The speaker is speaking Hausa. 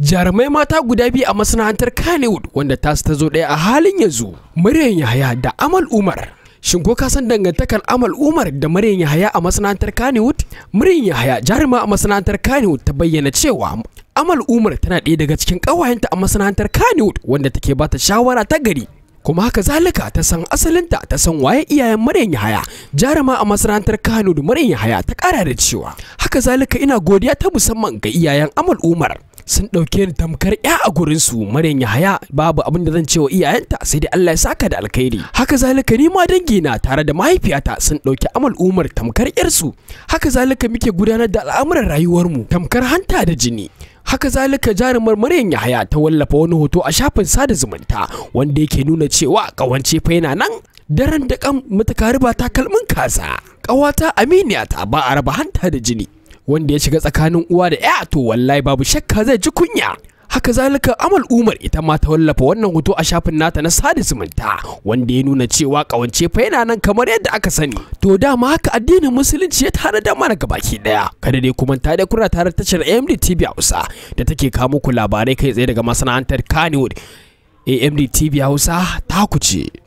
jarumai mata guda biyu a masana'antar Kannywood wanda ta ta zo ɗaya a halin yanzu Maryam Yahaya da Amal Umar shin ko ka san dangantakar Amal Umar da Maryam Yahaya a masana'antar Kannywood Maryam Yahaya jaruma a masana'antar Kannywood ta bayyana cewa Amal Umar tana ɗaya daga cikin ƙawayenta a masana'antar Kannywood wanda take bata shawara ta gari kuma haka zalika ta san asalinta ta san waye iyayen Maryam Yahaya jaruma a masana'antar kanewood Maryam Yahaya ta ƙara da cewa haka zalika ina godiya ta musamman ga iyayen Amal Umar sun ɗauke ni tamkar ya a gurinsu maryam yahaya babu abin da zan ce wa iyayenta sai dai allah ya saka da alkhairi haka zalika ni ma dangina tare da mahaifiyata sun ɗauki amal umar tamkar yarsu haka zalika muke gudanar da al'amuran rayuwarmu tamkar hanta da jini haka zalika jarumar maryam yahaya ta wallafa wani hoto a shafin sada zumunta wanda yake nuna cewa kawance fa yana nan daren da kan mutakariba takalmin kasa, ƙawata aminiya ta ba a raba hanta da jini wanda ya shiga tsakanin uwa da ya to wallahi babu shakka zai ji kunya haka zalika amal umar ita ma ta wallafa wannan hoto a shafin nata na sada zumunta wanda ya nuna cewa kawance fa yana nan kamar yadda aka sani to dama haka addinin musulunci ya tare da mana gabaki daya kada dai kuma ta da kuna tare tashar AMD TV Hausa da take kawo muku labarai kai tsaye daga masana'antar Kannywood AMD TV Hausa ta kuce